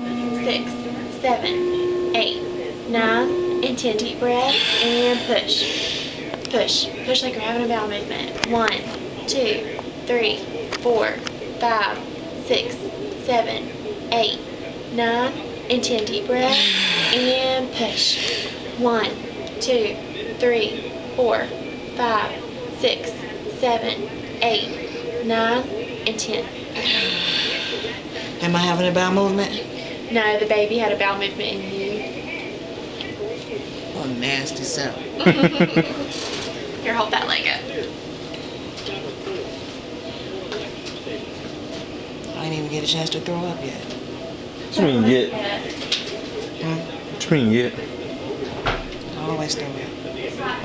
six, seven, eight, nine, and ten. Deep breath and push. Push. Push like you're having a bowel movement. One, two, three, four, five, six, seven, eight, nine, and ten. Deep breath and push. One, two, three, four, five, six, seven, eight, nine, and ten. Am I having a bowel movement? No, the baby had a bowel movement in you. Oh, nasty sound. Here, hold that leg up. I didn't even get a chance to throw up yet. What you mean yet? Hmm? What you mean yet? I always throw up.